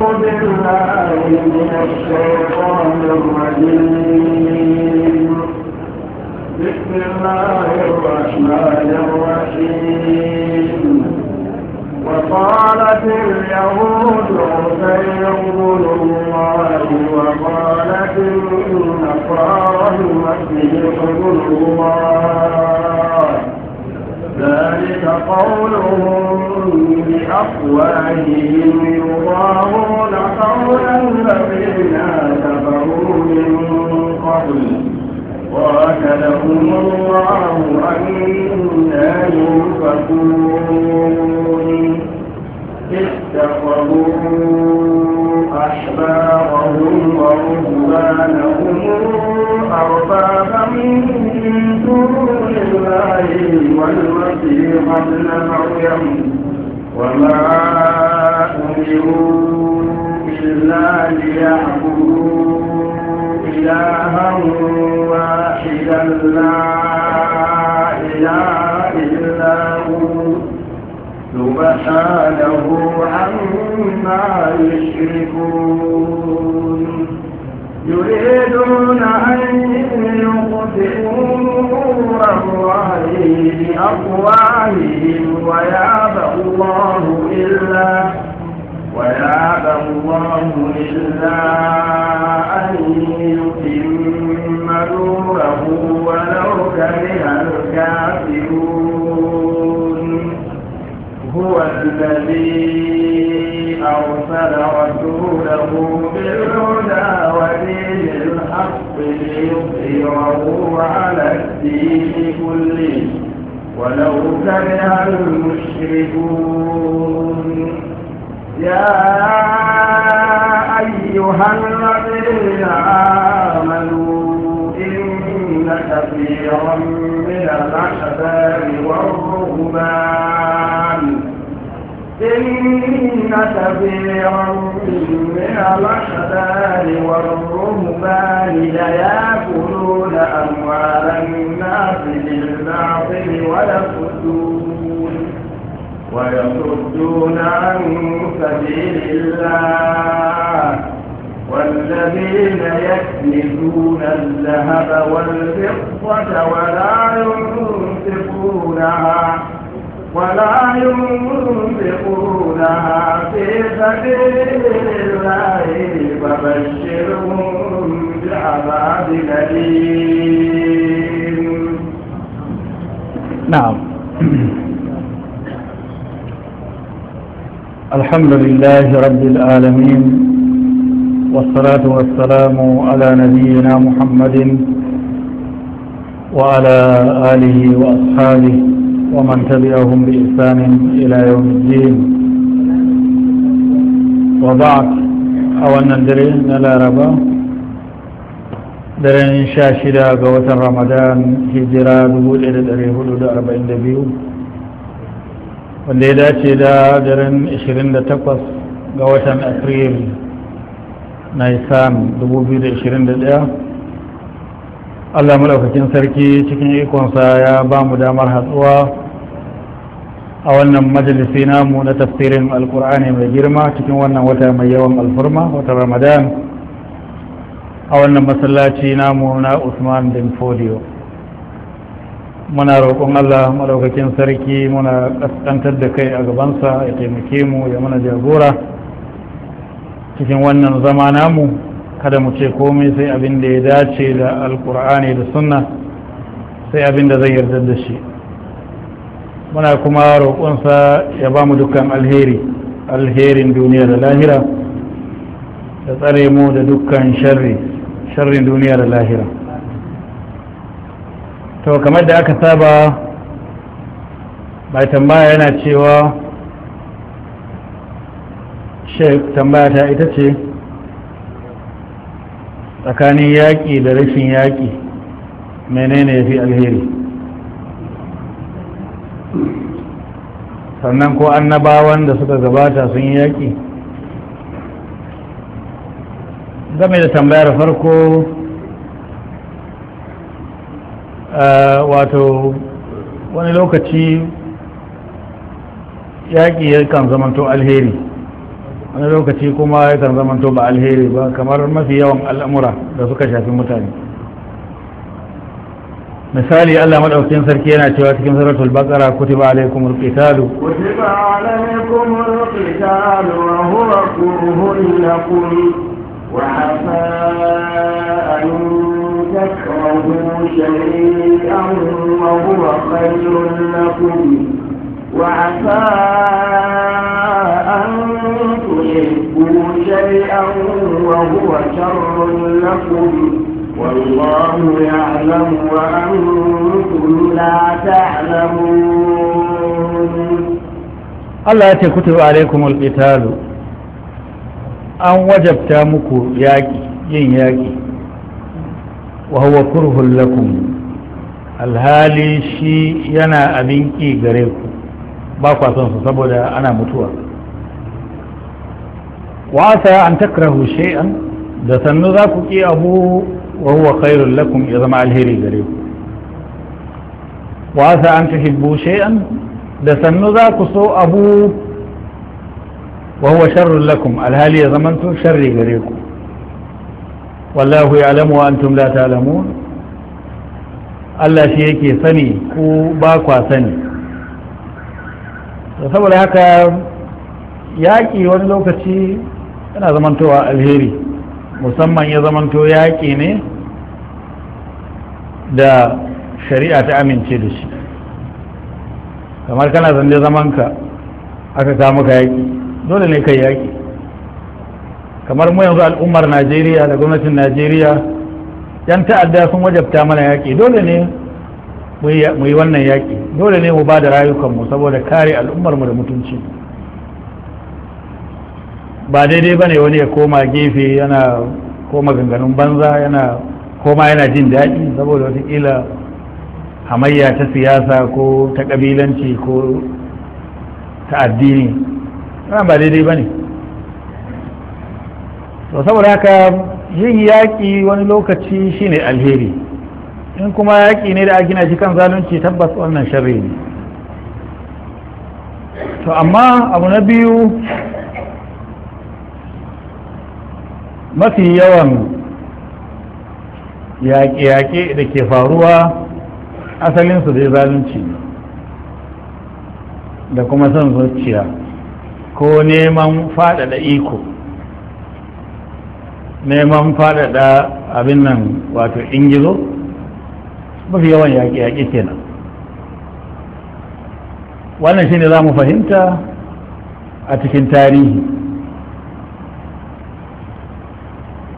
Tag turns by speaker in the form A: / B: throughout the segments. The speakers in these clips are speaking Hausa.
A: قل الله من الشيطان الرجيم بسم الله الرحمن الرحيم وقالت اليهود عزير بن الله وقالت النصارى المسيح بن الله ذلك قولهم بأقوالهم يضاهون قولا الذين كفروا من قبل وأكلهم الله أنا يؤفكون اتخذوا أحبارا ورهبانهم أربابا من دون الله والمسيح ابن مريم وما أمروا إلا ليعبدوا إلها واحدا لا إله إلا هو سبحانه عما يشركون يريدون أن يقتلوا الله بأقوالهم ويابى الله إلا ويابى الله إلا أن يتم نوره ولو كره الكافرون هو الذي أرسل رسوله بالهدى ودين الحق ليظهره على الدين كله ولو كره المشركون يا أيها الذين آمنوا إن كثيرا من الأحباب والرهبان إن كثيرا من الأحبار والرهبان ليأكلون أموال الناس بالباطل ويصدون ويصدون عن سبيل الله والذين يكنزون الذهب والفضة ولا ينفقونها ولا ينفقونها في سبيل الله فبشرهم بعذاب أليم
B: نعم الحمد لله رب العالمين والصلاة والسلام على نبينا محمد وعلى آله وأصحابه ومن تبعهم بإحسان إلى يوم الدين وبعد أولا درين لا ربا درين شاشدا قوة رمضان هجرا دبول إلى دريه لدى أربعين دبيو والليلة دا درين إشرين لتقص قوة أفريل نيسان دبول إلى إشرين لدى Allah malaukakin sarki cikin ikonsa ya ba mu damar hatsuwa a wannan majalisi namu na tafsirin alkur'ani mai girma cikin wannan wata mai yawan alfurma wata ramadan a wannan masallaci namu na usman bin folio muna roƙon Allah malaukakin sarki muna ƙasƙantar da kai a gabansa ya taimake mu ya muna jagora cikin wannan zama namu kada mu ce komai sai abin da ya dace da alkur'ani da sunna sai abin da zai yarda da shi muna kuma roƙonsa ya ba mu dukkan alheri alherin duniya da lahira da tsare mu da dukkan sharri sharrin duniya da lahira to kamar da aka saba mai tambaya yana cewa tambaya ta ita ce tsakanin yaƙi da rashin yaƙi menene ya fi alheri sannan ko annabawan da suka gabata sun yi yaƙi game da tambayar farko eh, wato wani lokaci yaƙi ya kan zamanto alheri wani lokaci kuma ya san zaman to ba alheri ba kamar mafi yawan al'amura da suka shafi mutane misali Allah madaukakin sarki yana cewa cikin suratul baqara kutiba alaykumul qitalu
A: kutiba alaykumul qitalu wa huwa kurhun lakum wa asa an takrahu shay'an wa huwa khayrun lakum وعفا أن تحبوا شيئا وهو شر لكم والله يعلم وأنتم لا تعلمون
B: الله يتكتب عليكم القتال أن وجبت مكو ياكي جن ياكي وهو كره لكم الهالي شي ينا أبنكي غريكم ba kwa son su saboda ana mutuwa wa asa an takrahu shay'an da sannu za ku ki abu wa huwa khairul lakum ya zama alheri gare ku wa asa an tuhibbu shay'an da sannu za ku so abu wa huwa sharrul lakum alhali ya zama tun sharri gare ku wallahu ya'lamu wa antum la ta'lamun Allah shi yake sani ku ba kwa sani saboda haka yaƙi wani lokaci yana zamantowa alheri musamman ya zamanto yaƙi ne da shari'a ta amince da shi kamar kana zande zamanka aka kama ka yaƙi dole ne kai yaƙi kamar mu yanzu al'ummar najeriya da gwamnatin najeriya yan ta'adda sun wajabta mana yaƙi dole ne mu yi wannan yaƙi dole ne mu ba da rayukanmu saboda kare al'ummarmu da mutunci ba daidai ba ne wani ya koma gefe yana koma ganganun banza yana koma yana jin daɗi saboda watakila hamayya ta siyasa ko ta ƙabilanci ko ta addini yana ba daidai ba ne saboda haka yin yaƙi wani lokaci shine alheri in kuma yaƙi ne da a gina shi kan zalunci tabbas wannan sharri ne to amma abu na biyu mafi yawan yaƙe-yaƙe da ke faruwa asalinsu dai zalunci da kuma son zuciya ko neman faɗaɗa iko neman faɗaɗa abin nan wato ingizo mafi yawan yaƙi yaƙi kenan wannan shine za mu fahimta a cikin tarihi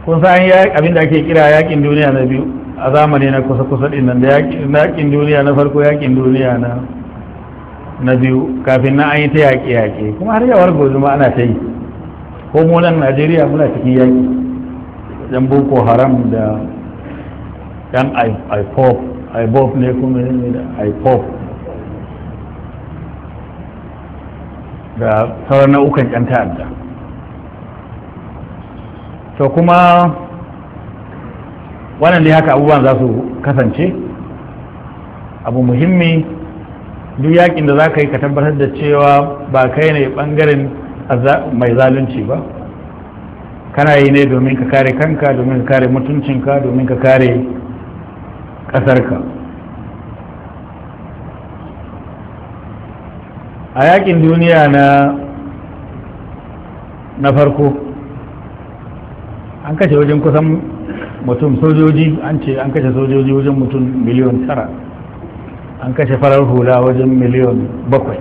B: kun san abinda ake kira yaƙin duniya na biyu a zamani na kusa-kusa ɗin nan da yaƙin duniya na farko yaƙin duniya na biyu kafin na an ta yaƙe-yaƙe kuma har yawar gozu ma ana ta yi ko mu nan najeriya muna cikin yaƙi yan boko haram da yan ipop ibob ne kuma ne da ipop da sauran nau'ukan yan ta'adda to kuma wannan ne haka abubuwan za su kasance abu muhimmi duk yakin da za ka yi ka tabbatar da cewa ba kai ne bangaren mai zalunci ba kana yi ne domin ka kare kanka domin ka kare mutuncinka domin ka kare ƙasarka a yakin duniya na na farko an kashe wajen kusan mutum sojoji an ce an kashe sojoji wajen mutum miliyon tara an kashe farar hula wajen miliyon bakwai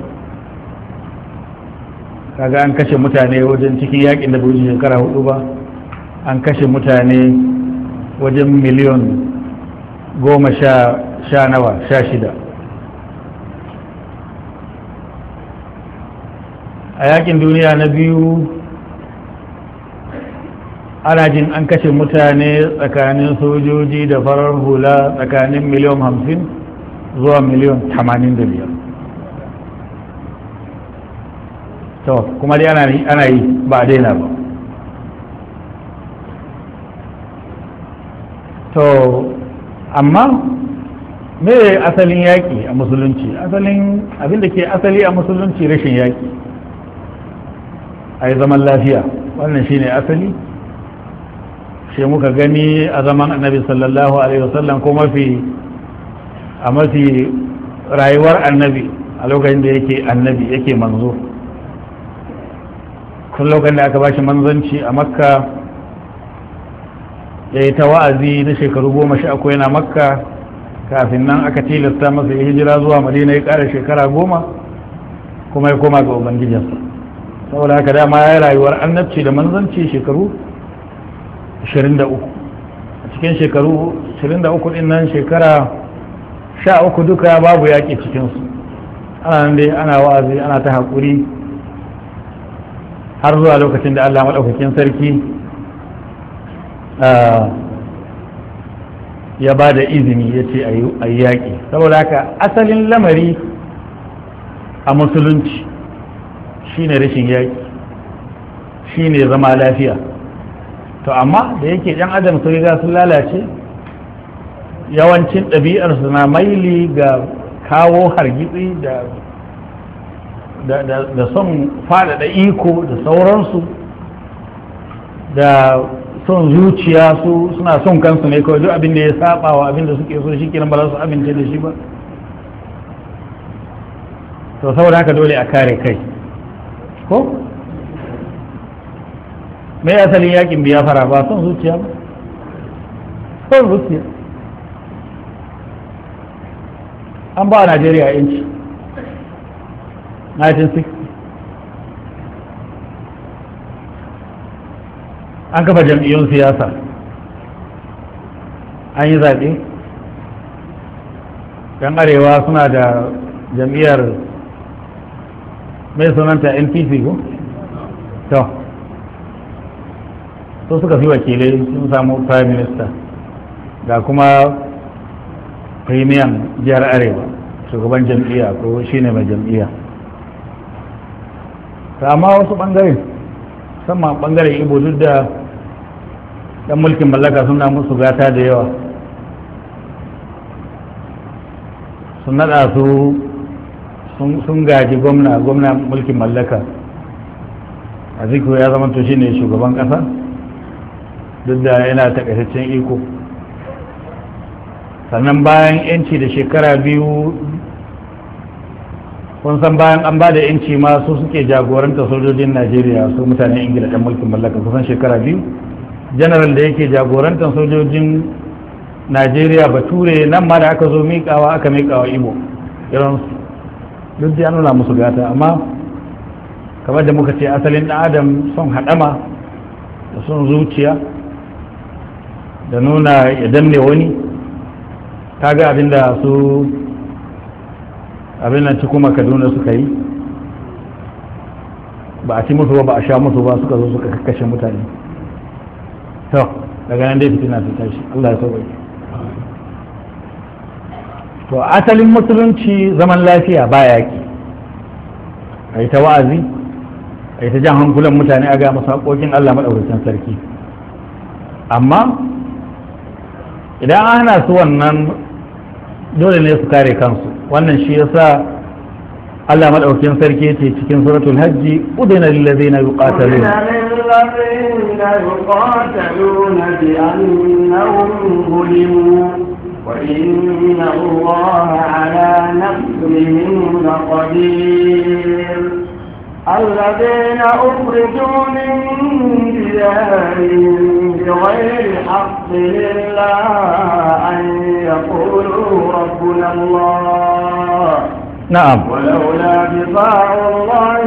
B: kaga an kashe mutane wajen cikin yakin da bai shekara hudu ba an kashe mutane wajen miliyon goma sha nawa sha shida a yakin duniya na biyu ana jin an kashe mutane tsakanin sojoji da farar hula tsakanin miliyan hamsin zuwa miliyan tamanin da biyar to kuma dai ana yi ba a daina ba to amma me asalin yaƙi a musulunci asalin abin da ke asali a musulunci rashin yaƙi a yi zaman lafiya wannan shine asali shi muka gani a zaman annabi sallallahu alaihi wasallam ko mafi a mafi rayuwar annabi a lokacin da yake annabi yake manzo kun lokacin da aka bashi manzanci a makka ya yi ta wa'azi na shekaru goma sha uku yana makka kafin nan aka tilasta masa ya hijira zuwa madina ya kara shekara goma kuma ya koma ga ubangijinsa saboda haka dama ya yi rayuwar annabci da manzanci shekaru 23 a cikin shekaru 23 din nan shekara sha uku duka babu yaƙi cikinsu ana nan dai ana wa'azi ana ta haƙuri har zuwa lokacin da allah maɗaukakin sarki ya ba da izini ya ce a yi yaƙi saboda haka asalin lamari a musulunci shine rashin yaƙi shine zama lafiya to amma da yake ɗan adam sai riga sun lalace yawancin ɗabi'arsu na maili ga kawo hargitsi da da son faɗaɗa iko da sauransu da son zuciya su suna son kansu ne kawai duk abin da ya saba wa abin da suke so shi kenan ba za su amince da shi ba to saboda haka dole a kare kai ko mai asalin yakin biya fara ba son zuciya ba son zuciya an ba a najeriya yanci 1960 an kafa jam'iyyun siyasa an yi zaɓe yan arewa suna da jam'iyyar mai sunanta npc ko? to su suka fi wakilai sun samu prime minister ga kuma premium jihar arewa shugaban jam'iyya ko shi ne mai jam'iyya amma wasu ɓangare musamman ɓangaren ibo duk da Ɗan mulkin mallaka suna musu gata da yawa sun naɗa su sun gaji gwamna gwamna mulkin mallaka a zikiyo ya zama to shine shugaban ƙasa duk da yana takaitaccen iko sannan bayan yanci da shekara biyu kun san bayan an ba da yanci ma su suke jagoranta sojojin najeriya su mutane ingila ɗan mulkin mallaka kusan shekara biyu janaral da yake jagorantar sojojin najeriya bature nan ma da aka zo miƙawa aka miƙawa ibo iransu duk da nuna musu gata amma kamar da muka ce asalin ɗan adam son haɗama da son zuciya da nuna ya danne wani kaga abinda su abin nan kuma kaduna suka yi ba a ci musu ba ba a sha musu ba suka zo suka kashe mutane to daga nan dai fitina ta tashi Allah ya sauƙaƙe to asalin musulunci zaman lafiya ba yaƙi a yi ta wa'azi a yi ta jan hankulan mutane a ga masu haƙoƙin Allah maɗaukacin sarki amma idan ana su wannan dole ne su kare kansu wannan shi yasa Allah madaukin sarki yace cikin suratul hajji udina lil ladina yuqataluna
A: yuqataluna bi annahum zulimu wa inna Allaha ala nasrihim laqadir الذين أخرجوا من ديارهم بغير حق إلا أن يقولوا ربنا الله
B: نعم ولولا بضاع
A: الله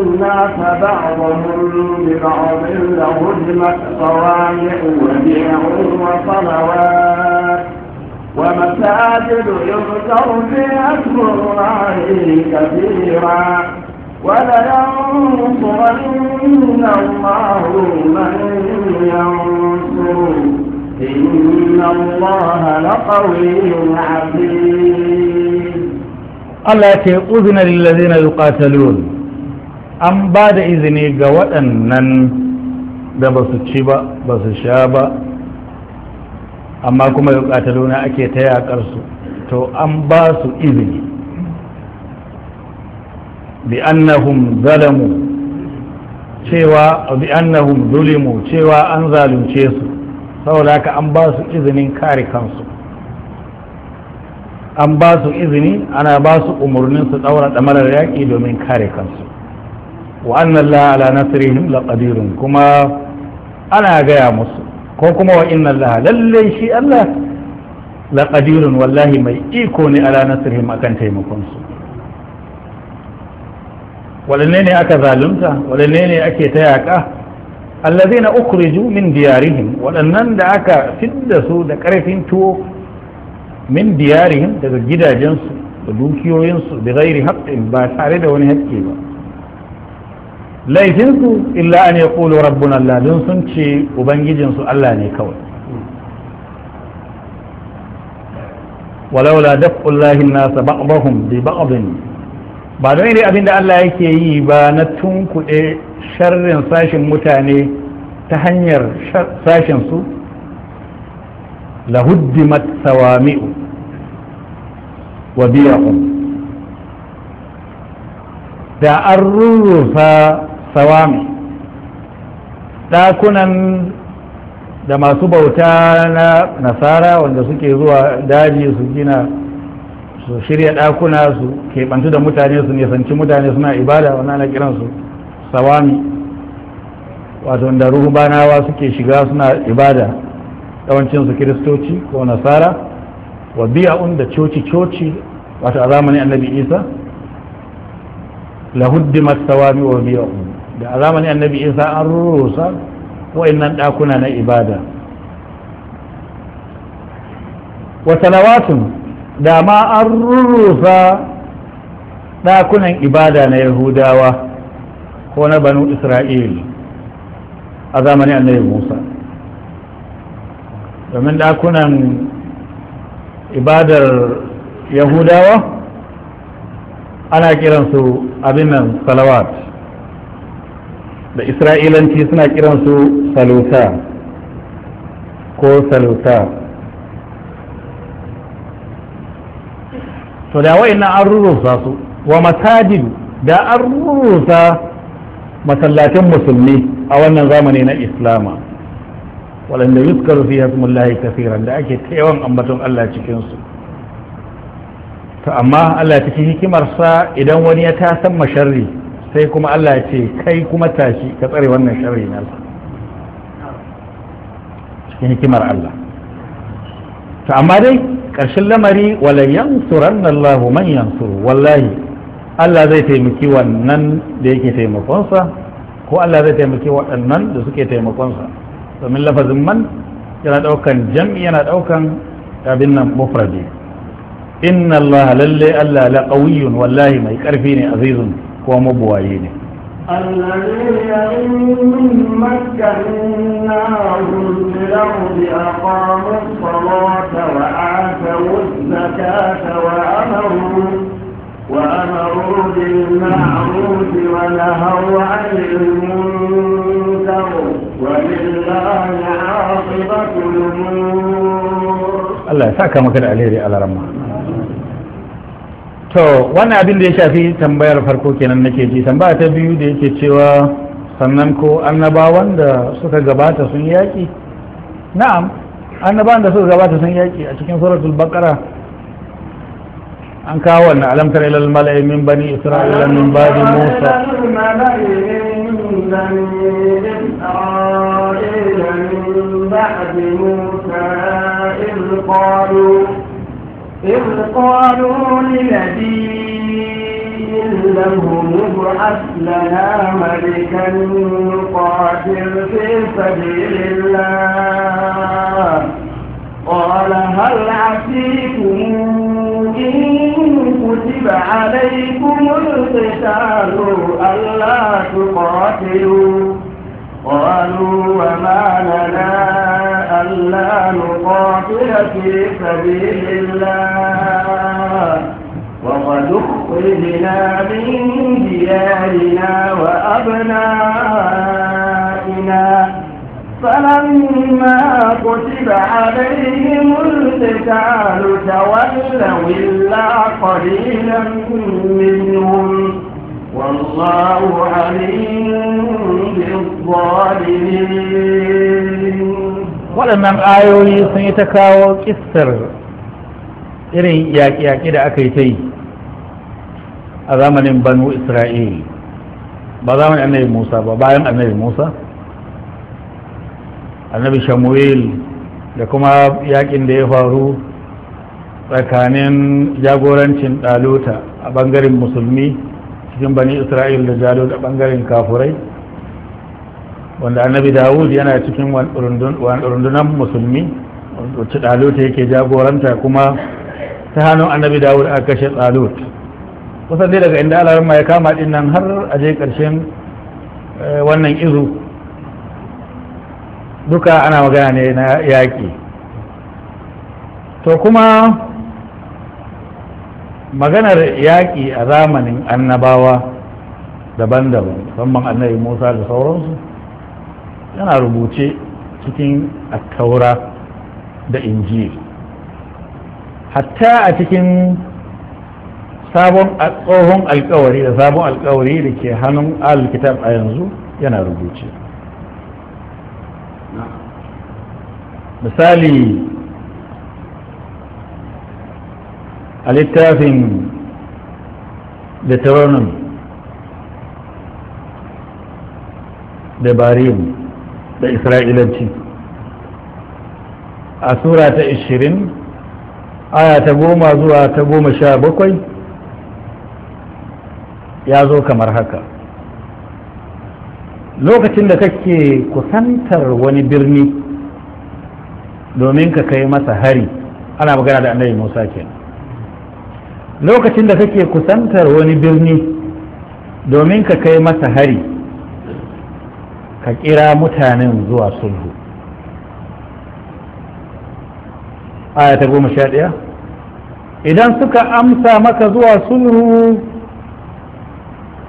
A: الناس بعضهم ببعض لهدمت صوامع وبيع وصلوات ومساجد يذكر فيها اسم الله كثيرا ولينصرن الله من ينصره إن الله لقوي عزيز
B: Allah ya ce uzina lillazina yuqatalun an ba da izini ga waɗannan da ba su ci ba ba su sha ba amma kuma yuqataluna ake ta yakar su to an ba su izini bi annahum zalamu cewa bi annahum zulimu cewa an zalunce su saboda haka an ba su izinin kare kansu an ba su izini ana ba su umarnin su daura damarar yaƙi domin kare kansu wa annan la ala kuma ana gaya musu ko kuma wa inna lalle shi Allah laqadirun wallahi mai iko ne ala akan taimakon su Waɗanne ne aka zalunta Waɗanne ne ake ta yaƙa allazina ukhriju min diyarihim Waɗannan da aka fidda su da ƙarfin tuwo min diyarihim daga gidajensu da dukiyoyinsu da gairi haƙƙin ba tare da wani haƙƙi ba laifinsu illa an ya ƙulu rabbun Allah sun ce ubangijinsu Allah ne kawai walaula daf'ullahi nasa ba'dahum bi ba'dhin ba don ne abinda Allah yake yi ba na tunkuɗe sharrin sashin mutane ta hanyar sashen su lahuddimat sawami'u wa biyahum da an rurrufa sawami ɗakunan da masu bauta na nasara wanda suke zuwa daji su gina su shirya ɗakuna su keɓantu da mutane su nisanci mutane suna ibada wani kiran su sawami wato da ruhubanawa suke shiga suna ibada yawancinsu kiristoci ko nasara wa biya'un da coci-coci wato a zamanin annabi isa lahuddimat sawami wa biya'u da a zamanin annabi isa an rurusa wa'annan ɗakuna na ibada wa salawatun da ma an rurusa ɗakunan ibada na yahudawa ko na banu isra'il a zamanin annabi musa domin ɗakunan ibadar yahudawa ana kiransu Abinan salawat da isra'ilanci suna kiransu Salusa ko Salusa. to da wa'in an rurrusa su wa masajid da an rurrusa masallacin musulmi a wannan zamani na islama waɗanda yuskaru fi hasmullahi kafiran da ake ta yawan ambaton Allah cikinsu to amma Allah cikin hikimarsa idan wani ya tasan masharri sai kuma Allah ya ce kai kuma tashi ka tsare wannan sharri na Allah cikin hikimar Allah to amma dai ƙarshen lamari wala yansuran Allah man yansuru wallahi Allah zai taimaki wannan da yake taimakonsa ko Allah zai taimaki waɗannan da suke taimakonsa domin lafazin man yana ɗaukan jam'i yana ɗaukan abin nan mufradi ان الله lalle Allah la qawiyyun wallahi mai karfi ne azizun ko
A: الذين من مكة في الأرض أقاموا الصلاة وآتوا الزكاة وأمروا وأمروا بالمعروف ونهوا عن المنكر ولله عاقبة الأمور الله
B: يسعدك مكان عليه على رمضان to wannan abin da ya shafi tambayar farko kenan nake ji tambaya ta biyu da yake cewa sannan ko annabawan da suka gabata sun yaƙi na'am annabawan da suka gabata sun yaƙi a cikin suratul baqara an kawo wannan tara ilal mala'i min bani isra'ila min ba'di musa
A: إذ قالوا لنبي له مبعث لنا ملكا نقاتل في سبيل الله قال هل عسيكم إن كتب عليكم القتال ألا تقاتلوا قالوا وما لنا ألا نقاتل في سبيل الله وقد أخرجنا من ديارنا وأبنائنا فلما كتب عليهم القتال تولوا إلا قليلا منهم والله عليم بالظالمين
B: waɗannan ayoyi sun yi ta kawo ƙistar irin yaƙi-yaƙi da aka yi ta yi a zamanin banu isra'il ba zamanin annabi musa ba bayan annabi musa annabi shamuel da kuma yaƙin da ya faru tsakanin jagorancin ɗaluta a ɓangaren musulmi cikin bani isra'il da jalut a bangaren kafurai wanda annabi dawud yana cikin rundunan musulmi wacce dalut yake jagoranta kuma ta hannun annabi dawud a kashe dalut kusan dai daga inda ma ya kama din nan har a je karshen eh, wannan izu duka ana magana ne na yaƙi to kuma maganar yaƙi a zamanin annabawa daban-daban musamman annabi musa da sauransu yana rubuce cikin attaura da injil hatta a cikin sabon tsohon alkawari da sabon alkawari da ke hannun alkitab a yanzu yana rubuce misali a littafin deuteronomy da bariyun da isra'ilanci a sura ta 20 aya ta goma zuwa ta goma sha bakwai ya zo kamar haka lokacin da kake kusantar wani birni domin ka kai masa hari ana magana da annabi musa kenan lokacin da kake kusantar wani birni domin ka kai masa hari ka kira mutanen zuwa sulhu aya ta goma sha ɗaya idan suka amsa maka zuwa sulhu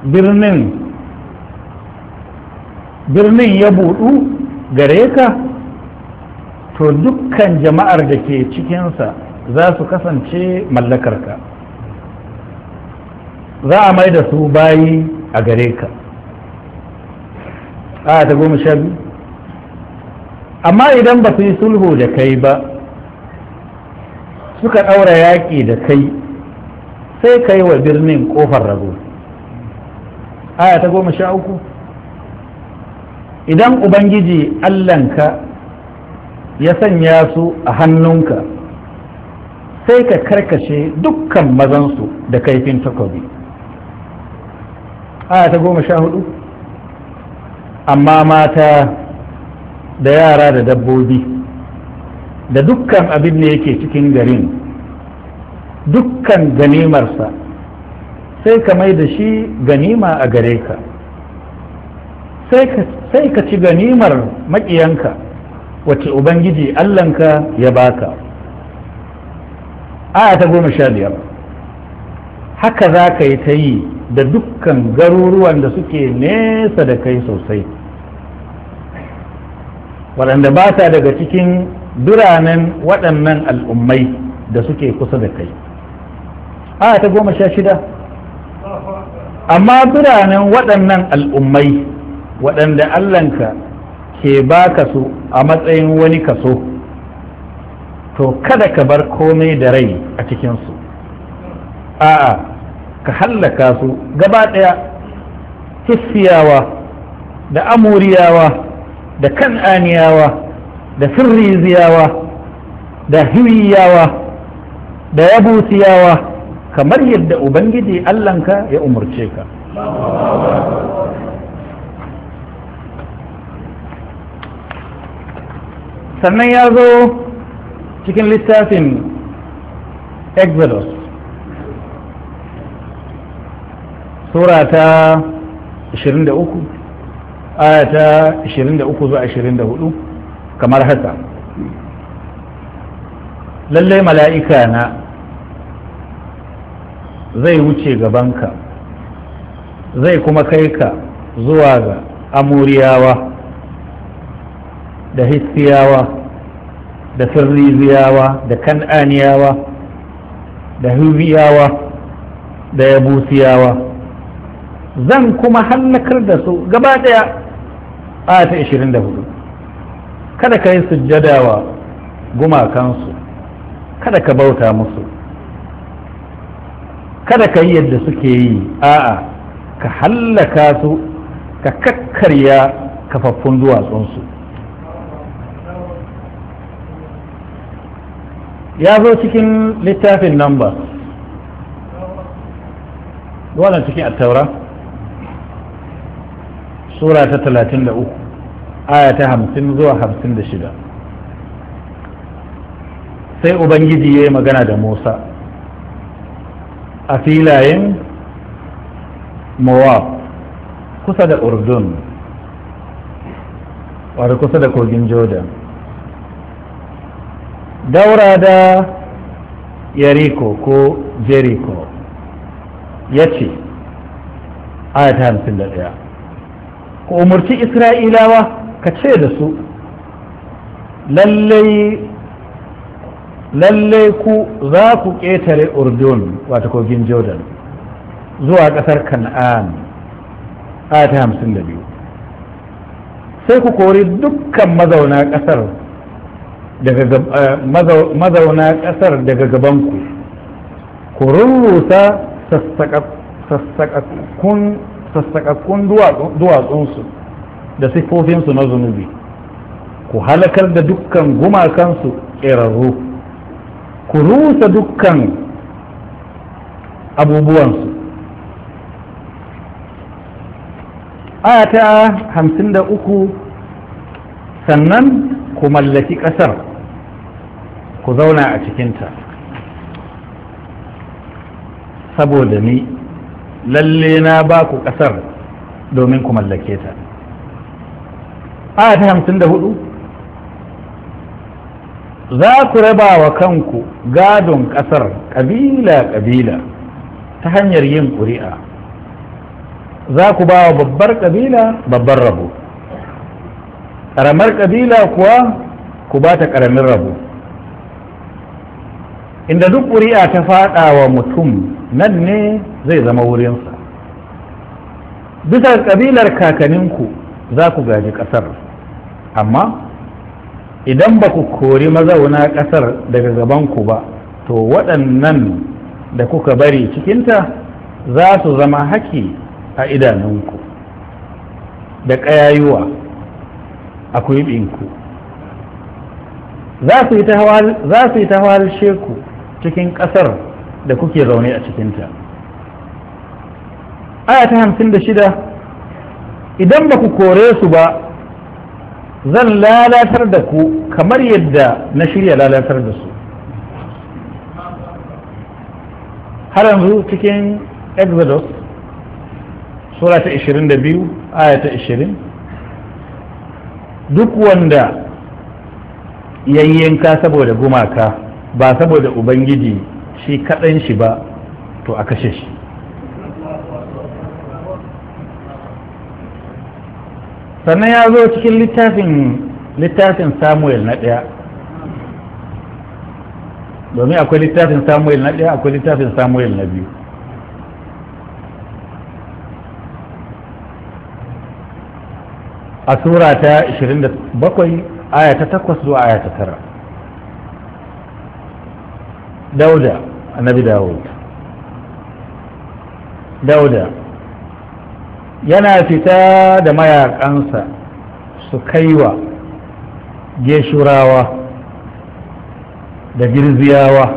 B: birnin birnin ya buɗu gare ka to dukkan jama'ar da ke cikinsa za su kasance mallakarka za a mai da su bayi a gare ka a ta goma sha biyu amma idan ba su yi sulhu da kai ba suka ɗaura yaƙi da kai sai ka yi wa birnin ƙofar rago aya ta goma sha uku idan ubangiji allanka ya sanya su a hannunka sai ka karkashe dukkan mazansu da kaifin takobi aya ta goma sha hudu amma mata da yara da dabbobi da dukkan abin da yake cikin garin dukkan ganimarsa sai ka mai da shi ganima a gare ka sai ka ci ganimar maƙiyanka wacce ubangiji allanka ya baka aya ta goma sha biyar haka za ka yi ta yi da dukkan garuruwan da suke nesa da kai sosai waɗanda ba ta daga cikin biranen waɗannan al'ummai da suke kusa da kai a ta goma sha shida amma biranen waɗannan al'ummai waɗanda allanka ke baka su a matsayin wani kaso to kada ka bar komai da rai a cikinsu a'a ka hallaka su gaba ɗaya hissiyawa da amuriyawa da kan'aniyawa da sirriziyawa da hiwiyawa da yabusiyawa kamar yadda ubangiji allahnka ya umarce ka sannan ya zo cikin littafin exodus sura ta 23 aya ta 23 zuwa 24 kamar haka lallai mala'ika na zai wuce gabanka zai kuma kai ka zuwa ga amuriyawa da hissiyawa da firriziyawa da kan'aniyawa da hubiyawa da yabusiyawa zan kuma hallakar da su gaba daya a ta 24 kada ka yi wa gumakansu kada ka bauta musu kada ka yi yadda suke yi a'a ka hallaka su ka kakkarya kafaffun duwatsunsu ya zo cikin littafin nan ba wannan cikin attaura sura ta 33 aya ta 50 zuwa 56 sai ubangiji ya yi magana da musa a filayen mawab kusa da urdun wadda kusa da kogin jordan daura da yariko ko jeriko ya ce ayata ɗaya. ku umarci isra'ilawa ka ce da su lallai ku za ku ƙetare urdun wata kogin jordan zuwa ƙasar kan'an a ta hamsin da biyu sai ku kori dukkan mazauna ƙasar daga eh, mazauna ƙasar daga gabanku ku rurrusa sassaƙaƙƙun sassaƙaƙƙun duwatsunsu da siffofinsu na zunubi ku halakar da dukkan gumakansu ƙerarru ku rusa dukkan abubuwansu aya ta hamsin da uku sannan ku mallaki ƙasar ku zauna a cikinta saboda ni lalle na ba ku ƙasar domin ku mallake ta aya ta hamsin da hudu za ku raba wa kanku gadon ƙasar ƙabila-ƙabila ta hanyar yin ƙuri'a za ku ba wa babbar ƙabila babbar rabo ƙaramar ƙabila kuwa ku ba ta ƙaramin rabo inda duk ƙuri'a ta faɗa wa mutum nan ne zai zama wurinsa bisa ƙabilar kakaninku za ku gaji ƙasar amma idan ba ku kori mazauna ƙasar daga gabanku ba to waɗannan da kuka bari cikinta za su zama haki a idanunku da ƙayayuwa a kuɓinku za su yi ta ku cikin ƙasar da kuke zaune a cikinta aya ta hamsin da shida idan ba ku kore su ba zan lalatar da ku kamar yadda na shirya lalatar da su har yanzu cikin exodus sura ta 22 aya ta 20 duk wanda yayyanka saboda gumaka ba saboda ubangiji shi kaɗan shi ba to a kashe shi sannan ya zo cikin littafin littafin samuel na ɗaya domin akwai littafin samuel na ɗaya akwai littafin samuel na biyu a sura ta 27 aya ta 8 zuwa aya ta 9 dauda annabi dawud dauda yana fita da mayakansa su kaiwa geshurawa da girziyawa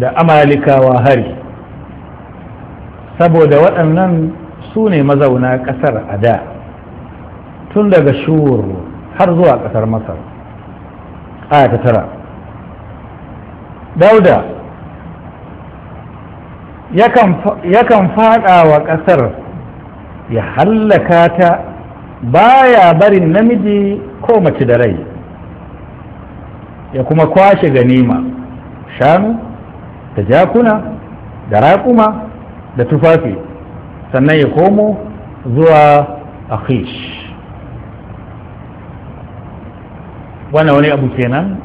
B: da amalikawa hari saboda waɗannan su ne mazauna ƙasar a da tun daga shur har zuwa ƙasar masar aya ta tara dauda yakan faɗawa wa ƙasar ya hallaka ta baya barin namiji ko mace da rai ya kuma kwashe ganima shanu da jakuna da raƙuma da tufafi sannan ya komo zuwa akhish wannan wani abu kenan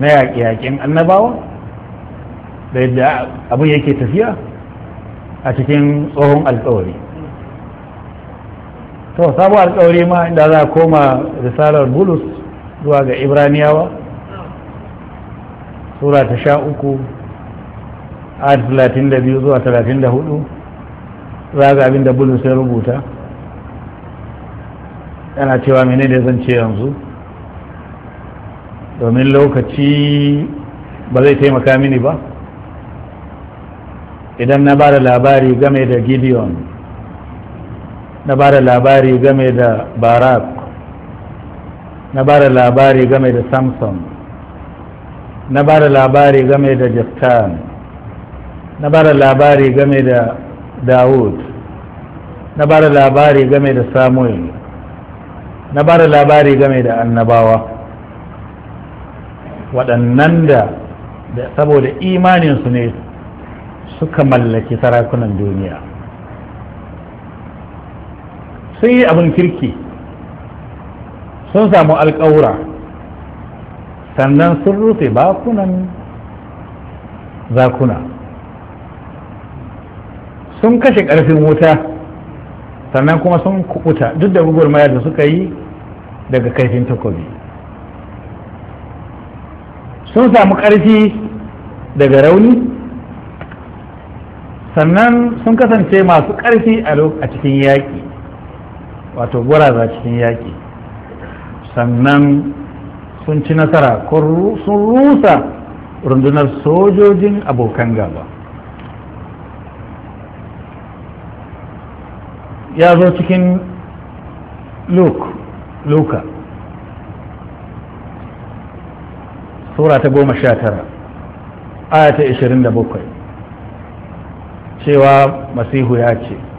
B: na yaƙi-yaƙin annabawa da yadda abu yake tafiya a cikin tsohon alƙawari. to sabu alƙawari ma inda za a koma risalar bulus zuwa ga ibraniyawa sura ta sha uku a talatin da biyu zuwa talatin da hudu za ga abin bulus ya rubuta yana cewa mene da zan ce yanzu domin lokaci ba zai taimaka mini ba idan na ba da labari game da gideon na ba da labari game da barak na ba da labari game da samson na ba da labari game da jaftan na ba da labari game da dawud na ba da labari game da samuel na ba da labari game da annabawa waɗannan da saboda imaninsu ne suka mallaki sarakunan duniya sun yi abin kirki sun samu alƙawura sannan sun rufe bakunan zakuna sun kashe ƙarfin wuta sannan kuma sun kuɓuta duk da gugurmaya da suka yi daga kaifin takobi sun samu ƙarfi daga rauni sannan sun kasance masu ƙarfi a cikin yaƙi wato gwaraza cikin yaƙi sannan sun ci nasara sun rusa rundunar sojojin abokan gaba ya zo cikin luka sura ta goma sha tara aya ta 27 cewa masihu ya ce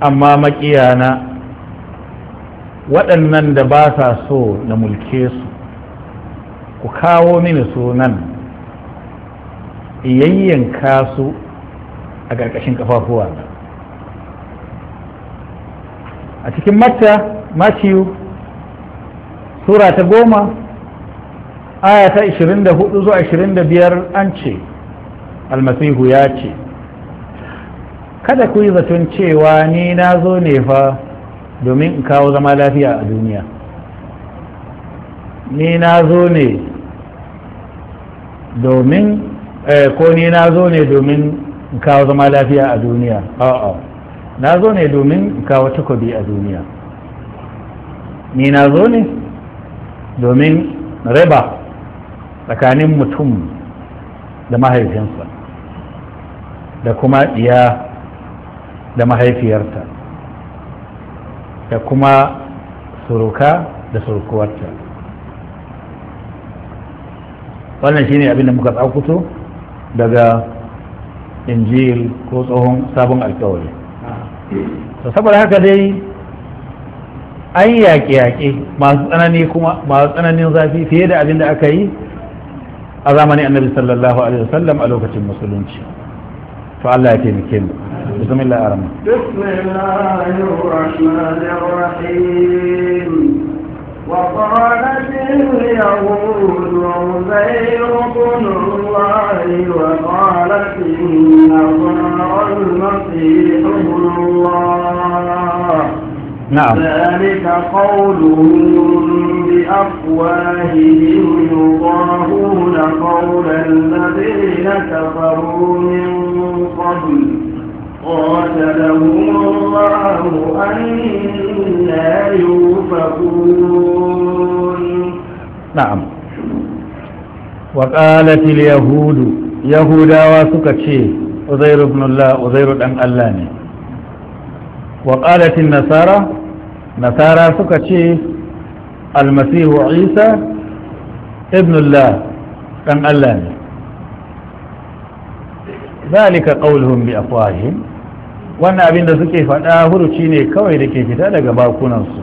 B: amma makiyana waɗannan da ba sa so na mulke su ku kawo mini sunan yayyanka su a ƙarƙashin ƙafafuwa a cikin mata Matthew sura ta goma aya ta 24 zuwa 25 an ce almasihu ya ce kada ku yi zaton cewa ni na zo ne fa domin in kawo zama lafiya a duniya ni na zo ne domin eh, ko ni na zo ne domin in kawo zama lafiya a duniya a'a na zo ne domin in kawo takobi a duniya ni na zo ne domin riba tsakanin mutum da mahaifinsa da kuma iya da mahaifiyarta da kuma suruka da surukuwarta wannan shine abin da muka tsakuto daga injil ko tsohon sabon alkawari saboda haka dai an yaƙe-yaƙe masu tsanani kuma masu tsananin zafi fiye da abinda aka yi a zamanin annabi sallallahu alaihi wasallam a lokacin musulunci to Allah ya taimake mu بسم الله الرحمن
A: بسم الله الرحمن الرحيم وقالت اليهود عزير بن الله وقالت النصارى المسيح ابن الله نعم ذلك قولهم بأفواههم يضاهون قول الذين كفروا من قبل قاتلهم الله أنا يوفقون
B: نعم وقالت اليهود يهودا وسكتشي عزير بن الله عزير أن الله وقالت النصارى نصارى سكتشي المسيح عيسى ابن الله أن الله ذلك قولهم بأفواههم wannan abin da suke faɗa huruci ne kawai da ke fita daga bakunansu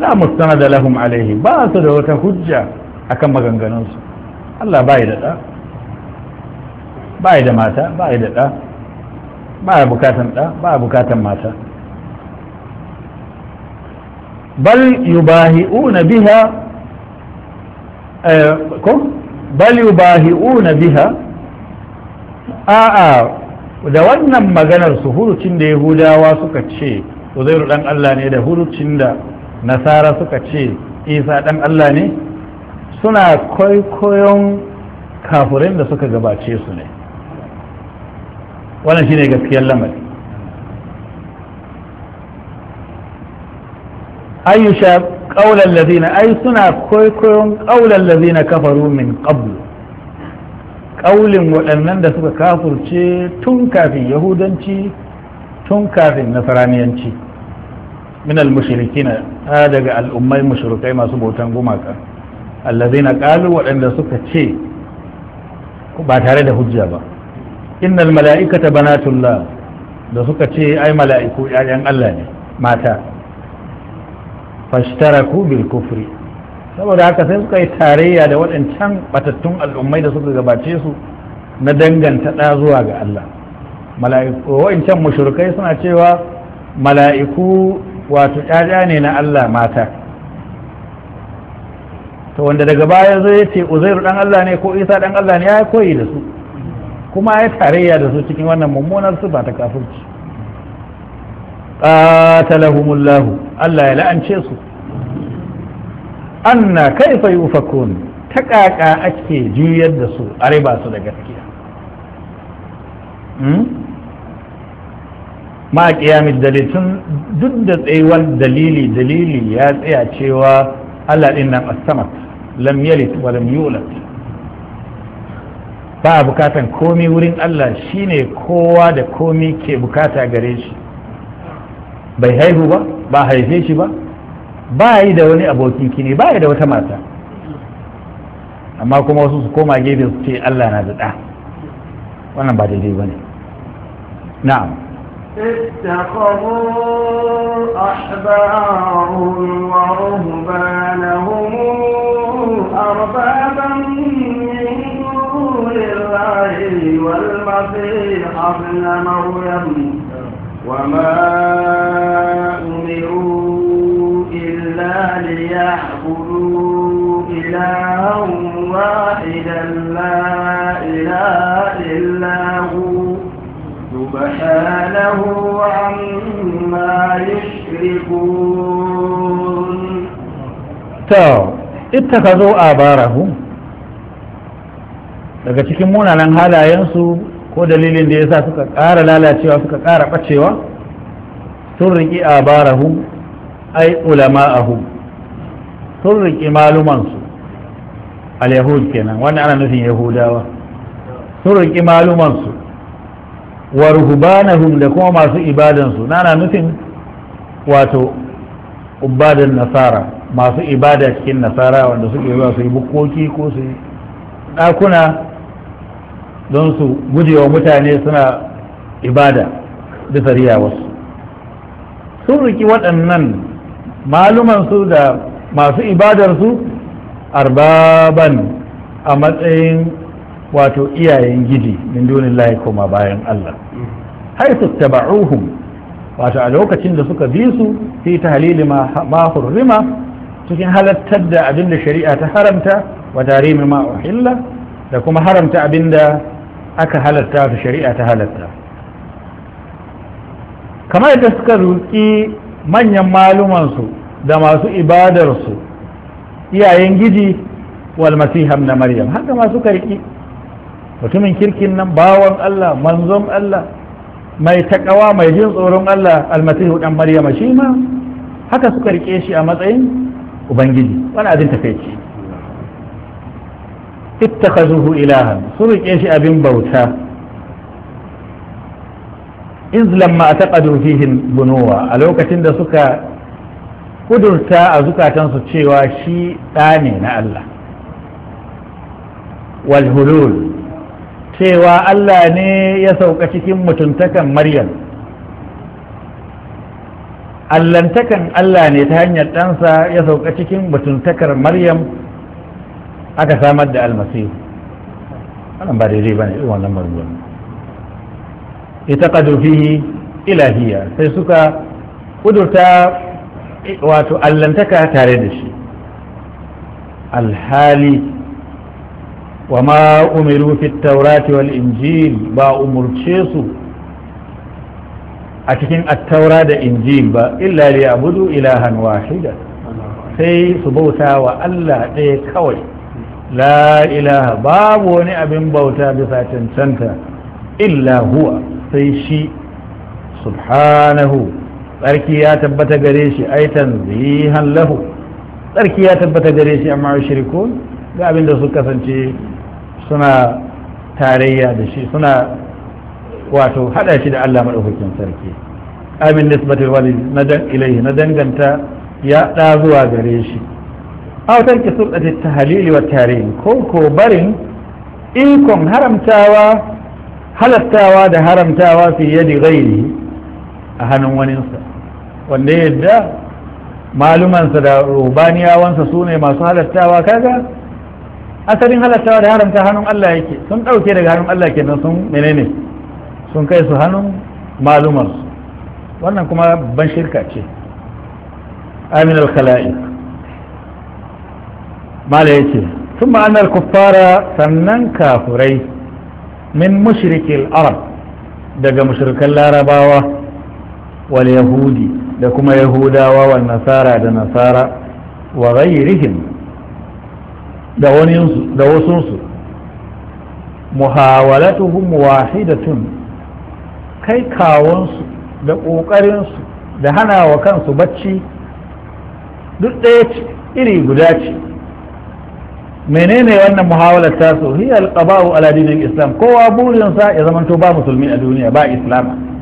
B: la mustana da lahum alaihi ba su da wata hujja akan maganganunsu Allah ba da ɗa, ba yi da mata ba da ɗa, ba yi bukatan ɗa ba yi bukatan mata bal yubahi'una biha eh, ko bal yubahi'una biha a'a da wannan maganar su hurucin da yahudawa suka ce uzairu dan Allah ne da hurucin da nasara suka ce isa dan Allah ne suna kwaikwayon kafirin da suka gabace su ne wannan shine gaskiyar lamari ayyusha qawlan ladina ay suna kwaikwayon qawlan ladina kafaru min qablu ƙaulin waɗannan da suka kafurce tun kafin yahudanci tun kafin nasaraniyanci min al-mushrikina daga al'ummai mushrikai masu bautan gumaka allazina qalu waɗanda suka ce ba tare da hujja ba innal mala'ikata banatullah da suka ce ai mala'iku 'ya'yan Allah ne mata fashtaraku bil kufri saboda haka sai suka yi tarayya da waɗancan batattun al'ummai da suka gabace su na danganta ɗa zuwa ga Allah waɗancan mushrikai suna cewa mala'iku wato ƴaƴa ne na Allah mata to wanda daga baya zai ce uzairu dan Allah ne ko isa dan Allah ne ya koyi da su kuma ya tarayya da su cikin wannan mummunar su ba ta kafirci ƙatalahumullahu Allah ya la'ance su anna kaifa yufakun ta kaka ake juyar da su a riba su da gaskiya hmm? ma kiyamin dalitun duk da tsayuwar dalili dalili ya tsaya cewa Allah din nan as lam yalit wa lam yulat ba bukatan komi wurin Allah shine kowa da komi ke bukata gare shi bai haihu ba ba haife shi ba ba yi da wani abokin kine ba yi da wata mata amma kuma wasu su koma gefe su ce Allah na zaɗa wannan ba daidai ba ne na'am
A: اتخذوا أحبارهم ورهبانهم أربابا من دون الله والمسيح ابن مريم وما ليعبدوا إلها واحدا لا إله إلا هو سبحانه عما يشركون
B: تو اتخذوا آبارهم daga cikin munanan halayensu ko dalilin da ya sa suka ƙara lalacewa suka ƙara ɓacewa sun riƙi barahu, ai ulama'ahum sun riƙe malumansu al-yahud kenan wannan ana nufin yahudawa sun riƙe malumansu wa ruhbanahum da kuma masu ibadansu na ana nufin wato ubadan nasara masu ibada cikin nasara wanda suke zuwa su yi bukkoki ko su yi ɗakuna don su gujewa mutane suna ibada da sariya wasu sun riki waɗannan malumansu da masu ibadarsu arbaban a matsayin wato iyayen gidi min dunin layi koma bayan Allah haisu taba'uhum wato a lokacin da suka bi su fi tahlili ma hurrima cikin halattar da abin da shari'a ta haramta wa tarimi ma uhilla da kuma haramta abin da aka halatta da shari'a ta halatta kamar da suka roƙi manyan malumansu da masu ibadarsu iyayen giji walmasiham na maryam haka masu karki mutumin kirkin nan bawan Allah manzon Allah mai takawa mai jin tsoron Allah almasihu dan maryama shi ma haka suka rike shi a matsayin ubangiji wani abin takaici ittakhazuhu ilahan su rike shi abin bauta iz lamma ataqadu fihi bunuwa a lokacin da suka kudurta a zukatansu cewa shi ɗa ne na Allah walhulul cewa Allah ne ya sauka cikin mutuntakan maryam allantakan Allah ne ta hanyar ɗansa ya sauka cikin mutuntakar maryam aka samar da almasihu wannan ba daidai ba ne irin wannan marmuwan ita ƙadufihi ilahiya sai suka kudurta wato allantaka tare da shi alhali wa ma umiru fi taurati wal injil ba umurce su a cikin attaura da injil ba illa li abudu ilahan wahida sai su bauta wa Allah ɗaya kawai la ilaha babu wani abin bauta bisa cancanta illa huwa sai shi subhanahu tsarki ya tabbata gare shi ai tanzihan lahu tsarki ya tabbata gare shi amma shirku ga abin da suka kasance suna tarayya da shi suna wato hada shi da Allah madaukakin sarki amin nisbatul walid nadan ilaihi na danganta ya da zuwa gare shi aw tarki sulati tahlili wa tarin ko ko barin ikon haramtawa halattawa da haramtawa fi yadi ghairihi a hannun waninsa wanda yadda malumansa da rubaniyawansa su ne masu halattawa kaga asalin halattawa da haramta hannun Allah yake sun ɗauke daga hannun Allah ke kenan sun menene sun kai su hannun malumansu wannan kuma ban shirka ce amin al-khala'i mala yake sun ma'anar kuffara sannan kafurai min mushrikil arab daga mushrikan larabawa wal yahudi da kuma yahudawa wal nasara da nasara wa ghayrihim da wani da wasunsu muhawalatuhum wahidatun kai kawonsu da ƙoƙarinsu da hana wa kansu bacci duk ɗaya iri guda ce menene wannan muhawalar tasu hiya alqaba'u ala dinil islam kowa burinsa ya zamanto ba musulmi a duniya ba Islam?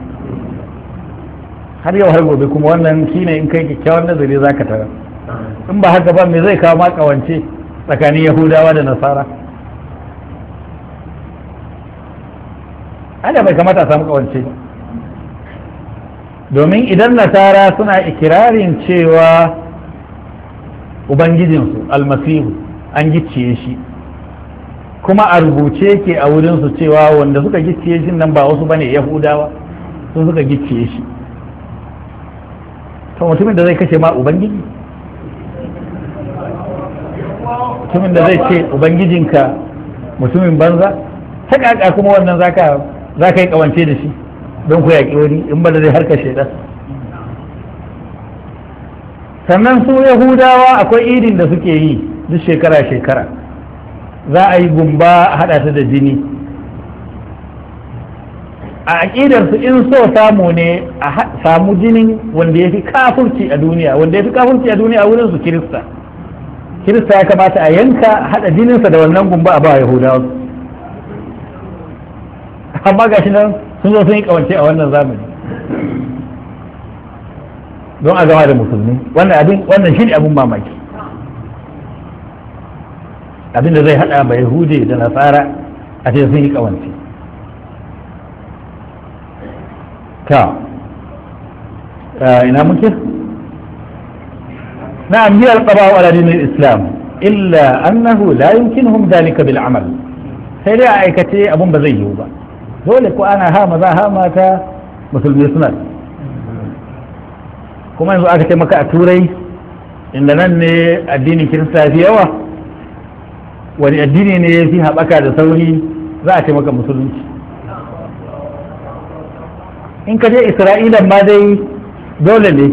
B: har yau har gobe kuma wannan shine in kai kyakkyawan nazari za ka tara in ba haka ba me zai kawo ma kawance tsakanin yahudawa da nasara ana bai kamata a samu kawance domin idan nasara suna ikirarin cewa ubangijinsu almasihu an gicciye shi kuma a rubuce ke a wurinsu cewa wanda suka gicciye shi nan ba wasu bane yahudawa sun suka gicciye shi to mutumin da zai kashe ma ubangiji
C: mutumin da zai ce
B: ubangijinka mutumin banza ta kaka kuma wannan za ka yi kawance da shi don ku yaƙi wani in ba da zai harka shaidar sannan su yahudawa akwai idin da suke yi duk shekara shekara za a yi gumba haɗa ta da jini a aƙidarsu su in so samu ne a samu jinin wanda ya fi kafurci a duniya wanda ya fi kafurci a duniya wurin su kirista kirista ya kamata a yanka haɗa jininsa da wannan gumba a ba yahudawa amma gashi nan sun zo sun yi kawance a wannan zamani don a gama da musulmi wannan abin wannan shi ne abin mamaki abin da zai haɗa ba yahudi da nasara a ce sun yi kawance ta eh, ina muke na'am hiya al-qada'u ala islam illa annahu la yumkinuhum dhalika bil amal sai dai a aikace abun ba zai yiwu ba dole ko ana hama za hama ta musulmi suna kuma yanzu aka ce maka a turai inda nan ne addinin kirista fi yawa wani addini ne ya fi haɓaka da sauri za a ce maka musulunci in ka je isra'ila ma dai dole ne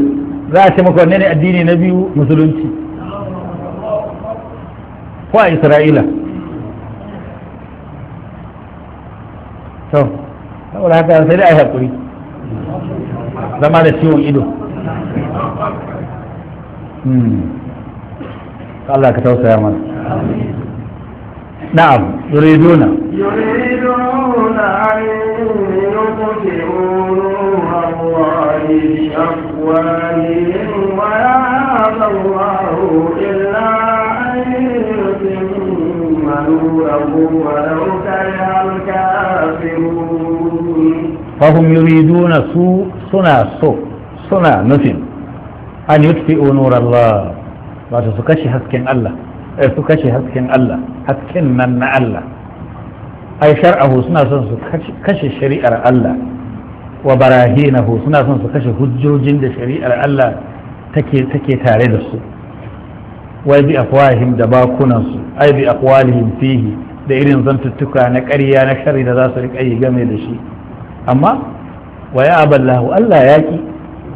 B: za a ce maka wanne ne addini na biyu musulunci ko a isra'ila to saboda haka sai dai a yi haƙuri
C: zama da ciwon ido
B: hmm. Allah ka tausaya mana na'am yuriduna فهم يريدون سوء سنة سوء سنة نسم أن يطفئوا نور الله باش سكشي حسكن الله إيه، سكشي حسكن الله حسكن من الله أي شرعه سنة سنة سكشي شريعة الله wa barahinahu suna son su kashe hujjojin da shari'ar Allah take tare da su wai bi afwahim da bakunan su ai bi aqwalihim fihi da irin zantuttuka na ƙarya na shari da za su riƙa yi game da shi amma wa ya aballahu Allah ya ki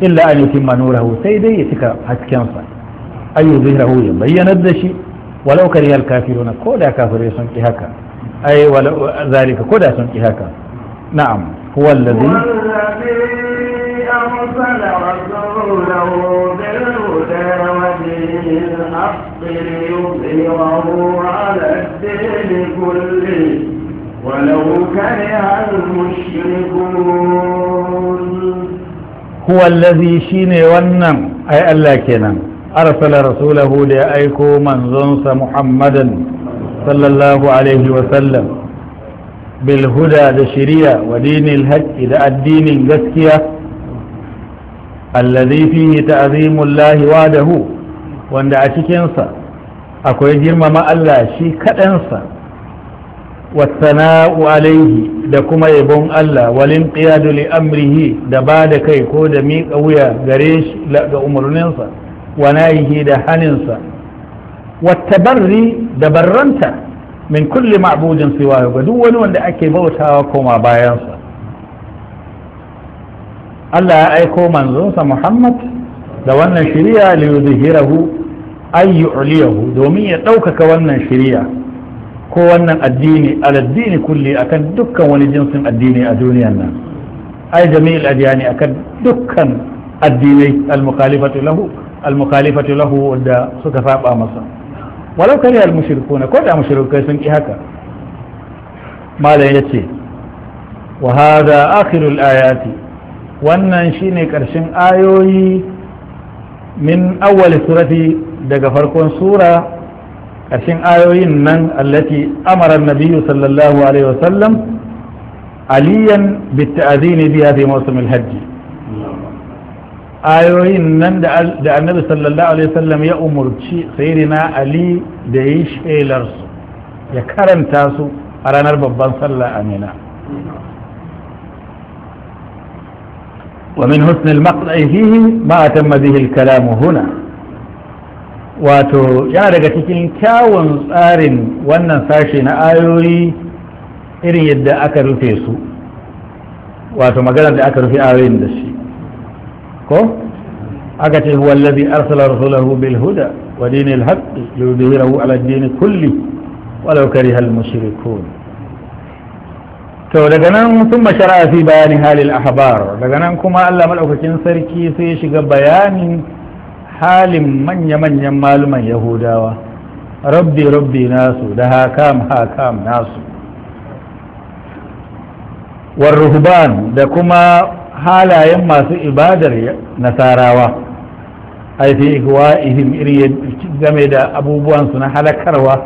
B: illa an yutimma nurahu sai dai ya cika haskensa ay yuzhirahu ya bayyana da shi walau kariyal kafiruna ko da kafirai sun ki haka ai walau zalika ko da sun ki haka na'am هو الذي
A: أرسل رسوله بالهدى ودين الحق ليظهره على الدين كله ولو كره المشركون
B: هو الذي شيني ونم أي ألا كنا أرسل رسوله لأيكو منزنس محمدا صلى الله عليه وسلم Bilhuda da shiriya, ده شريع ودين الحق ده الدين غسكيا الذي فيه تعظيم الله وعده wanda a cikinsa akwai girmama Allah shi kaɗansa wasana'u alaihi da kuma yabon Allah walin qiyadu li amrihi da ba da kai ko da miƙa wuya gare shi ga umarninsa wa nahihi da haninsa wata watabarri da barranta min kulli ma'budin siwa ga duk wani wanda ake bautawa koma bayansa Allah ya aiko manzonsa Muhammad da wannan shiriya li yuzhirahu ay yu'liyahu domin ya ɗaukaka wannan shiriya ko wannan addini aladdini kulli akan dukkan wani jinsin addini a duniyar nan ay jami'il adyani akan dukkan addinai al-mukhalifatu lahu al-mukhalifatu lahu da suka saba masa walau kare al mushrikuna ko da mushrikai sun ki haka malai yace wa hadha akhirul ayati wannan shine karshen ayoyi min awwal surati daga farkon sura karshen ayoyin nan allati amara an-nabiyyu sallallahu alaihi wasallam aliyan bit ta'zini biha fi mawsim al-hajj ayoyin nan da annabi sallallahu alaihi wasallam ya umurci sayyidina ali da yi shelar ya karanta su a ranar babban sallah amina ومن حسن المقطع فيه ما تم به الكلام هنا wato ya daga cikin kyawun tsarin wannan sashe na ayoyi irin yadda aka rufe su wato maganar da aka rufe ayoyin da shi أكت هو الذي أرسل رسوله بالهدى ودين الحق ليظهره على الدين كله ولو كره المشركون لذلك ثم شرع في بيانها للأحبار لذلك كما ألم الأفكين سركي سيشق بيان حال من يمن يمال من يهودا ربي ربي ناس ده هاكام هاكام ناس والرهبان ده كما halayen masu ibadar nasarawa yi fi ihwa'ihim iri game da abubuwansu na halakarwa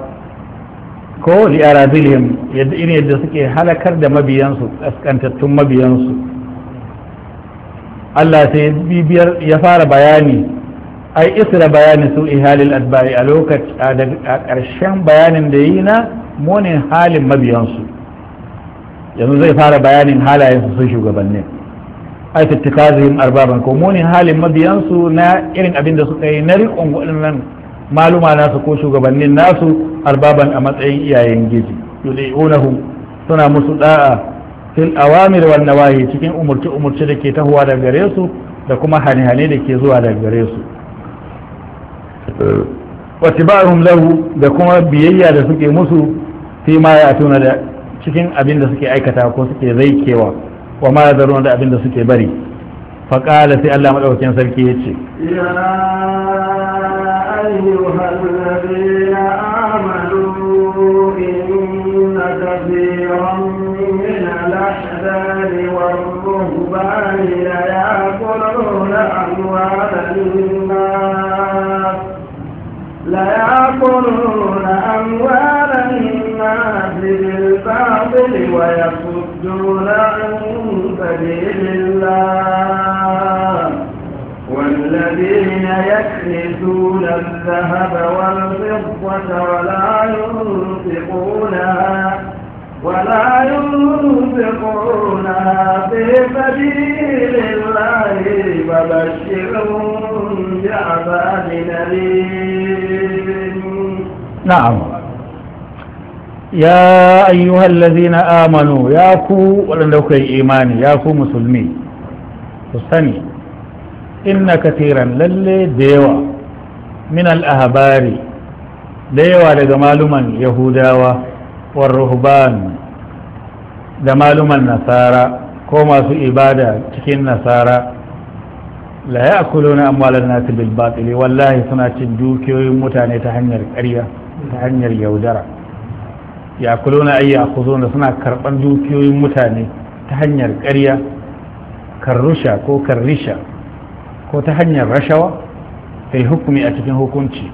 B: ko li arazilhim yadda irin yadda suke halakar da mabiyansu ƙasƙantattun mabiyansu Allah sai bibiyar ya fara bayani ai isra bayani su ihalil adba'i a lokaci a ƙarshen bayanin da yi na munin halin mabiyansu yanzu zai fara bayanin halayen su shugabannin ai tattakazihim arbaban ko munin halin mabiyansu na irin abin da suka yi na riƙon waɗannan maluma nasu ko shugabannin nasu arbaban a matsayin iyayen giji yuli'unahum suna musu da'a fil awamir wal nawahi cikin umurce umurce da ke tahowa daga gare su da kuma hane-hane da ke zuwa daga gare su watiba'uhum lahu da kuma biyayya da suke musu fi ma ya tuna da cikin abin da suke aikata ko suke zaikewa wa ma zaruna da abin da suke bari faƙala sai Allah maɗaukakin sarki ya ce
A: لا يأكلون أموال الناس بالباطل ويصدون الذهب والفضة ولا ينفقونها ولا ينفقونها في سبيل الله فبشرهم بعذاب أليم نعم
B: يا أيها الذين آمنوا يا كو ولن لو إيماني يا كو مسلمي ku إن كثيرا للي lalle min al'ahabari da yawa daga maluman yahudawa war da maluman nasara ko masu ibada cikin nasara la ya kulo na amwalar nasu bilbatsili wallahi suna cin dukiyoyin mutane ta hanyar ƙarya ta hanyar yaudara ya kulo na ayya kuzo na suna karɓar dukiyoyin mutane ta hanyar ƙarya karrusha ko karrisha ko ta hanyar rashawa fil hukumi a cikin hukunci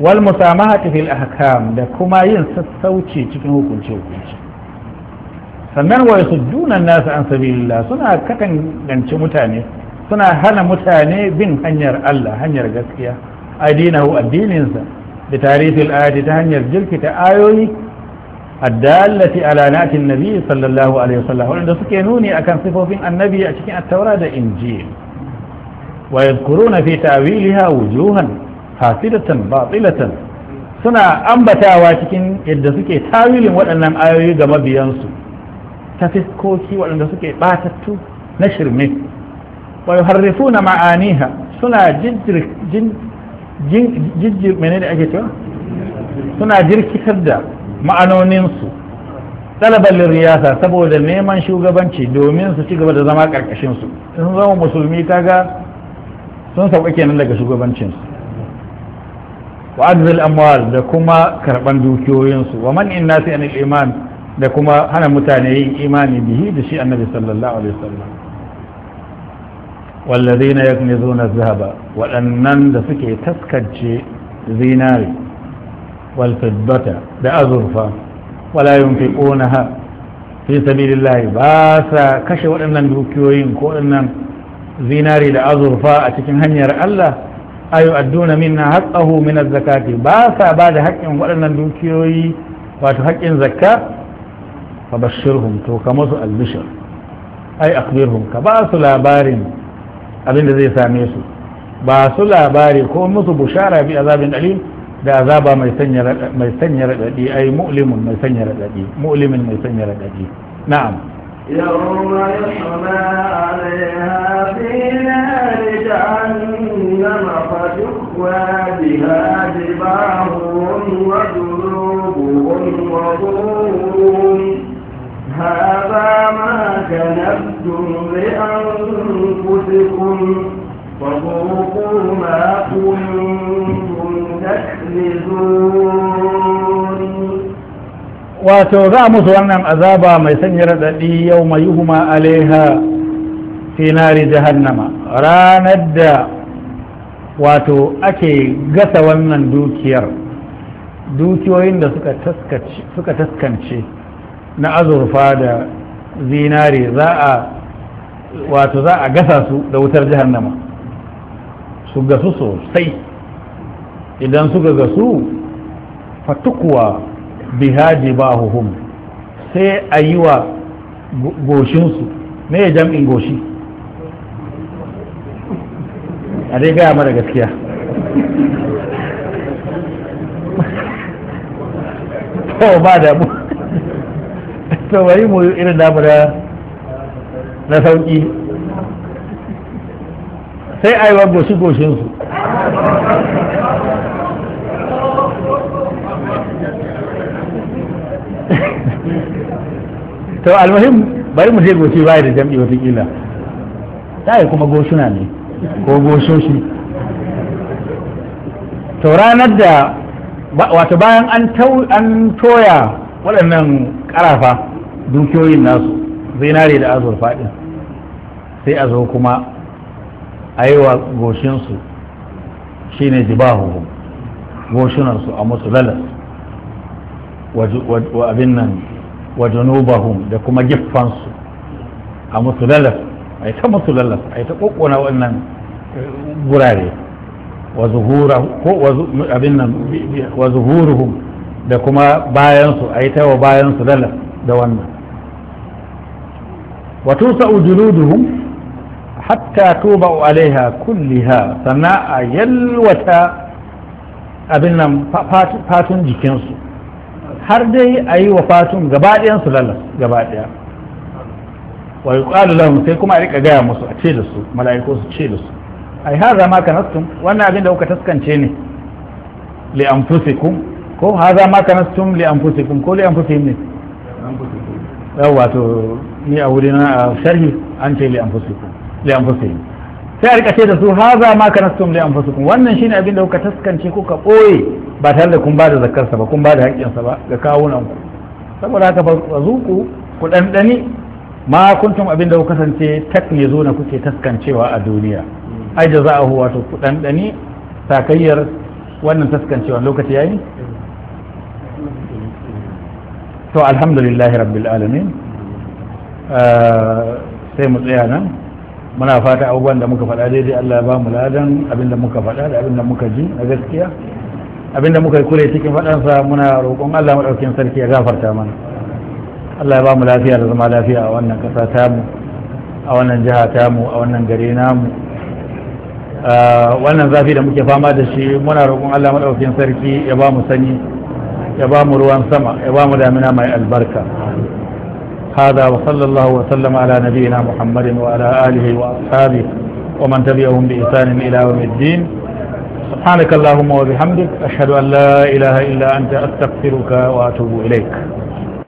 B: wal musamahati fil ahkam da kuma yin sassauci cikin hukunci hukunci sannan wa yasudduna nasu an sabilillah suna katangance mutane suna hana mutane bin hanyar Allah hanyar gaskiya adinahu addininsa da tarifil ayati ta hanyar jirkita ayoyi addallati ala natin nabi sallallahu alaihi wasallam wanda suke nuni akan sifofin annabi a cikin at-taura da injil ويذكرون في تاويلها وجوها فاسده باطله suna ambatawa cikin yadda suke tawilin waɗannan ayoyi ga mabiyansu ta fiskoki waɗanda suke ɓatattu na shirme wa yuharrifuna ma'aniha suna jijjir mene da ake cewa suna jirkitar da su talabar riyasa saboda neman shugabanci domin su ci gaba da zama ƙarƙashinsu sun zama musulmi ga. sun sauka kenan daga shugabancinsu wa adzil amwal da kuma karban dukiyoyinsu wa man inna sai anil iman da kuma hana mutane yin imani bihi da shi annabi sallallahu alaihi wasallam wallazina yaknizuna dhahaba waɗannan da suke taskace zinari wal fiddata da azurfa wala yunfiqunaha fi sabilillahi ba sa kashe waɗannan dukiyoyin ko zinari da azurfa a cikin hanyar Allah ayu adduna minna haqqahu min az-zakati ba sa ba da haƙƙin waɗannan dukiyoyi wato haƙƙin zakka fa bashirhum to ka musu albishir ai akhbirhum ka ba su labarin abin da zai same su ba su labari ko musu bushara bi azabin alim da azaba mai sanya mai sanya radadi ai mu'limun mai sanya radadi mu'limin mai sanya radadi na'am
A: يوم يحمى عليها في نار جهنم فتكوى بها جباههم وجنوبهم وظهورهم هذا ما كنبتم لأنفسكم فذوقوا ما كنتم تكنزون
B: wato za musu wannan azaba mai sanya raɗaɗi yau mai yuhuma alaiha finari jahannama ranar da wato ake gasa wannan dukiyar dukiyoyin da suka taskance na azurfa da zinare za a wato za a gasa su da wutar jahannama su gasu sosai idan suka gasu fatukuwa biha jibahuhum sai a yi wa goshinsu me jam'in goshi a dai gaya mara gaskiya to oh, ba da mu to bari mu irin namu na sauki sai a yi wa goshi goshinsu to almuhim bari mu je goshi baya da jam'i watakila ta yi kuma goshuna ne ko goshoshi to ranar da wato bayan an toya waɗannan ƙarafa dukiyoyin nasu zinare da azurfa faɗin sai a zo kuma a yi wa goshinsu shi ne jibahu goshinarsu a musu lalas wa abin nan wa junubahum da kuma giffansu a musu lalas a ita ta musu lalas a yi ta kokona wannan gurare wa zuhuruhum da kuma bayansu a ita ta wa bayansu lalas da wannan wa tusa'u juluduhum hatta tuba alaiha kulliha sannan a yalwata abin nan fatun jikinsu har dai a yi wa fatun gabaɗayan su lalas gabaɗaya wa ƙwalu lahum sai kuma a riƙa gaya musu a ce da su mala'iku su ce da su ai za ma kanastum wannan abin da kuka taskance ne li anfusikum ko za ma kanastum li anfusikum ko li anfusihim ne yawwa to ni a wurina a sharhi an ce li anfusikum li anfusihim sai a rika da su haza ma kanastum li anfusikum wannan shine abin da kuka taskance kuka boye ba tare da kun ba da zakarsa ba kun ba da haƙƙinsa ba ga kawunan ku saboda haka ba zuku ku dandani ma kuntum abin da kuka kasance takmizu na kuke taskancewa a duniya ai jaza'ahu wato ku dandani sakayyar wannan taskancewa lokaci yayi to alhamdulillahi rabbil alamin eh, sai mu tsaya nan muna fata abubuwan da muka faɗa daidai Allah ya ba mu ladan abinda muka faɗa da abinda muka ji na gaskiya abinda muka yi kure cikin faɗansa muna roƙon Allah maɗaukin sarki ya gafarta mana Allah ya ba mu lafiya da zama lafiya a wannan ƙasa tamu a wannan jiha tamu a wannan gari namu wannan zafi da muke fama da shi muna roƙon Allah maɗaukin sarki ya ba mu sanyi ya ba mu ruwan sama ya ba mu damina mai albarka هذا وصلى الله وسلم على نبينا محمد وعلى آله وأصحابه ومن تبعهم بإحسان إلى يوم الدين سبحانك اللهم وبحمدك أشهد أن لا إله إلا أنت أستغفرك وأتوب إليك